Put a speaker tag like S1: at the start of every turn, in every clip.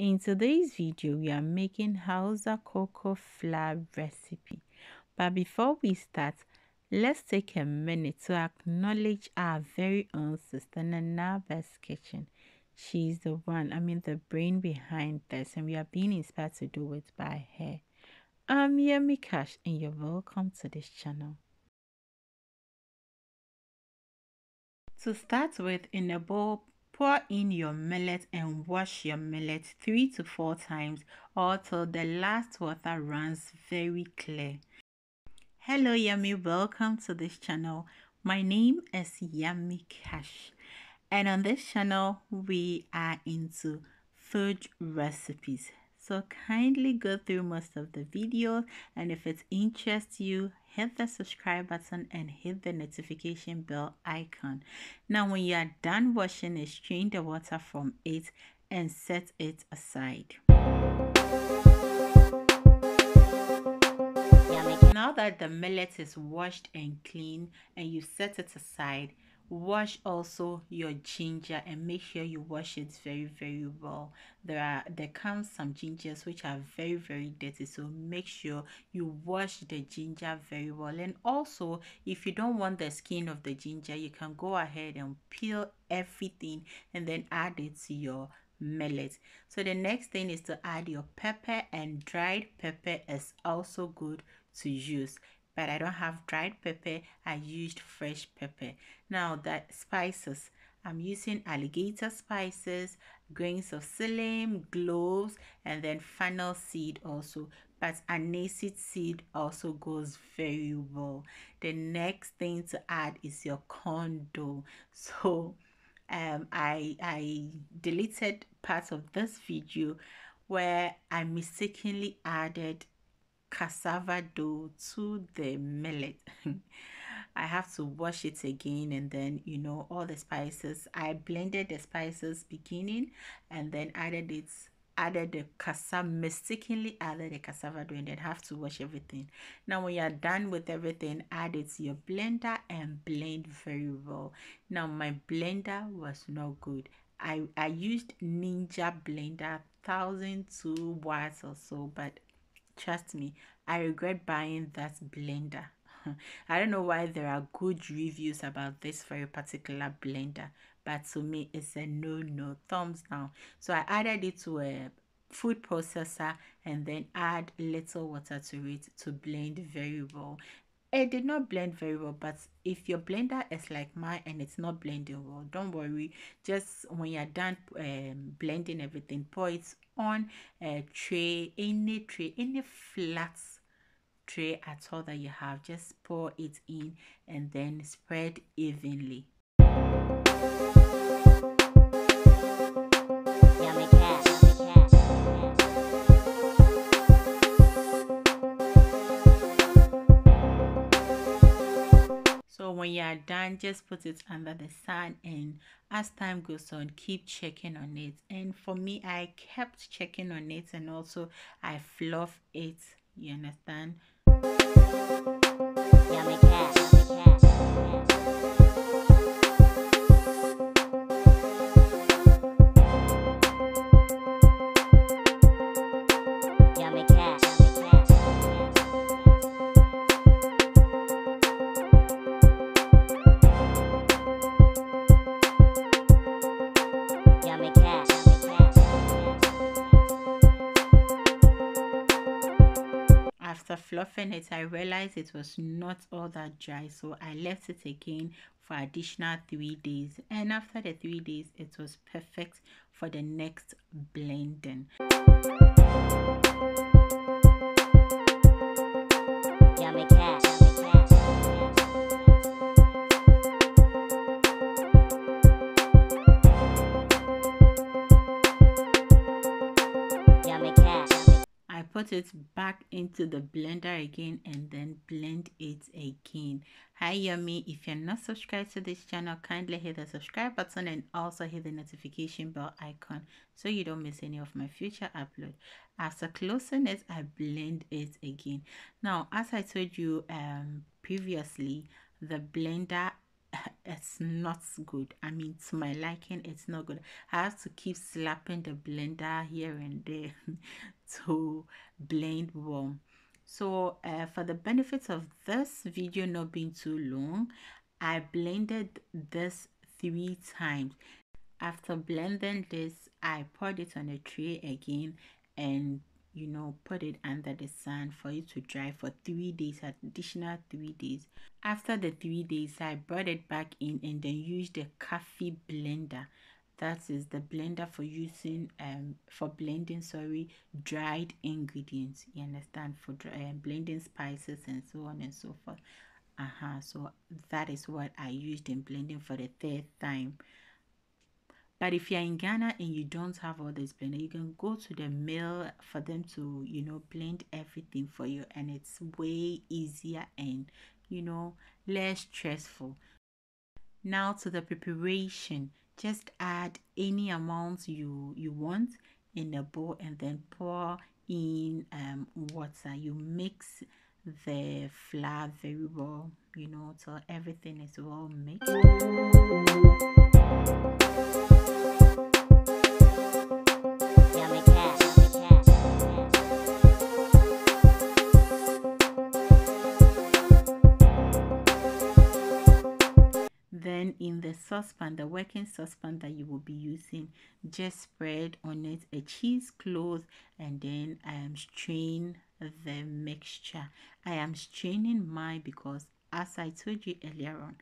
S1: In today's video, we are making Hausa cocoa flour recipe. But before we start, let's take a minute to acknowledge our very own sister best kitchen. She's the one, I mean the brain behind this and we are being inspired to do it by her. I'm Yemi Cash and you're welcome to this channel. To start with, in a bowl, Pour in your millet and wash your millet three to four times or till the last water runs very clear. Hello Yummy, welcome to this channel. My name is Yummy Cash and on this channel we are into food recipes so kindly go through most of the videos and if it interests you, hit the subscribe button and hit the notification bell icon. Now when you are done washing it, strain the water from it and set it aside. Now that the millet is washed and clean and you set it aside, wash also your ginger and make sure you wash it very very well there are there comes some gingers which are very very dirty so make sure you wash the ginger very well and also if you don't want the skin of the ginger you can go ahead and peel everything and then add it to your millet so the next thing is to add your pepper and dried pepper is also good to use but I don't have dried pepper. I used fresh pepper. Now the spices. I'm using alligator spices, grains of psyllium, cloves, and then fennel seed also. But aniseed seed also goes very well. The next thing to add is your corn dough. So um, I, I deleted part of this video where I mistakenly added cassava dough to the millet. I have to wash it again and then you know all the spices. I blended the spices beginning and then added it added the cassava mistakenly added the cassava dough and then have to wash everything. Now when you're done with everything, add it to your blender and blend very well. Now my blender was not good. I, I used Ninja Blender 1002 watts or so, but Trust me, I regret buying that blender. I don't know why there are good reviews about this very particular blender, but to me, it's a no no thumbs down. So I added it to a food processor and then add little water to it to blend very well it did not blend very well but if your blender is like mine and it's not blending well don't worry just when you're done um, blending everything pour it on a tray any tray any flat tray at all that you have just pour it in and then spread evenly when you are done just put it under the sun and as time goes on keep checking on it and for me i kept checking on it and also i fluff it you understand fluffing it i realized it was not all that dry so i left it again for additional three days and after the three days it was perfect for the next blending put it back into the blender again and then blend it again hi yummy if you're not subscribed to this channel kindly hit the subscribe button and also hit the notification bell icon so you don't miss any of my future upload after closing it i blend it again now as i told you um previously the blender it's not good i mean to my liking it's not good i have to keep slapping the blender here and there to blend well so uh, for the benefits of this video not being too long i blended this three times after blending this i poured it on a tray again and you know put it under the sun for it to dry for three days additional three days after the three days i brought it back in and then used the coffee blender that is the blender for using um for blending sorry dried ingredients you understand for dry, uh, um, blending spices and so on and so forth uh-huh so that is what i used in blending for the third time but if you're in ghana and you don't have all this blender you can go to the mill for them to you know blend everything for you and it's way easier and you know less stressful now to the preparation just add any amounts you you want in a bowl and then pour in um, water you mix the flour very well you know so everything is well mixed saucepan, the working saucepan that you will be using, just spread on it a cheesecloth and then I am straining the mixture. I am straining mine because as I told you earlier on,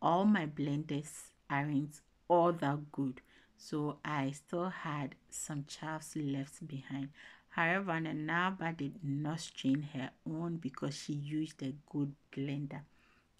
S1: all my blenders aren't all that good. So I still had some chaffs left behind. However, Nanaba did not strain her own because she used a good blender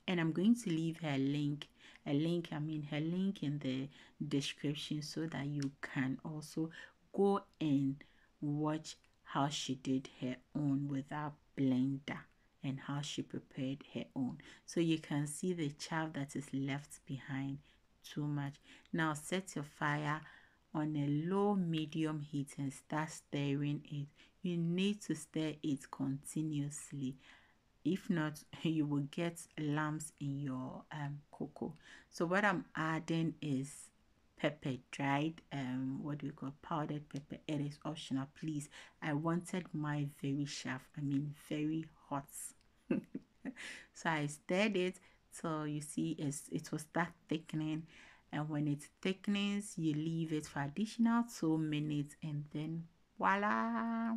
S1: and i'm going to leave her link a link i mean her link in the description so that you can also go and watch how she did her own without blender and how she prepared her own so you can see the chaff that is left behind too much now set your fire on a low medium heat and start stirring it you need to stir it continuously if not you will get lumps in your um, cocoa so what i'm adding is pepper dried um what we call powdered pepper it is optional please i wanted my very sharp i mean very hot so i stirred it so you see it's it will start thickening and when it thickens you leave it for additional two minutes and then voila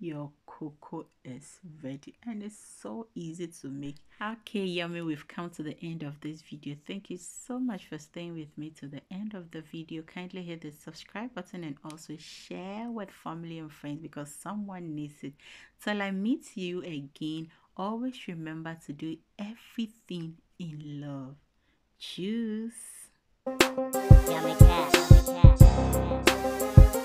S1: your cocoa is ready and it's so easy to make okay yummy we've come to the end of this video thank you so much for staying with me to the end of the video kindly hit the subscribe button and also share with family and friends because someone needs it till i meet you again always remember to do everything in love Juice. yummy cat, yummy cat.